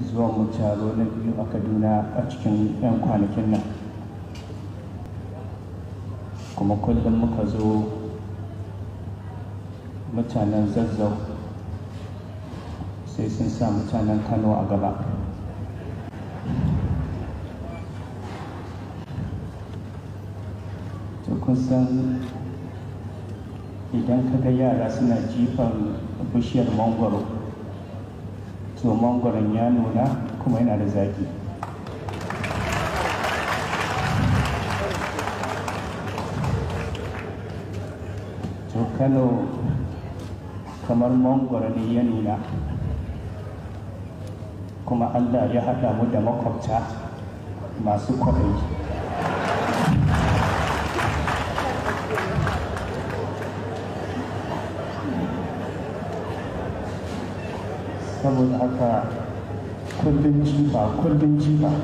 zuwa mu taro na biyu a kaduna a cikin 'yan kwanakin nan kuma kullum muka zo mutanen zazzau sai sun sa mutanen kano a gaba Tukunsan san idan kaga yara suna jifan bishiyar mangoro. To mangwaron ya nuna kuma yana da zaki to kano kamar mangoro ne ya nuna kuma allah ya haɗa mu da makwabta masu kwaɗayi saboda haka kullum jifa kullum jifa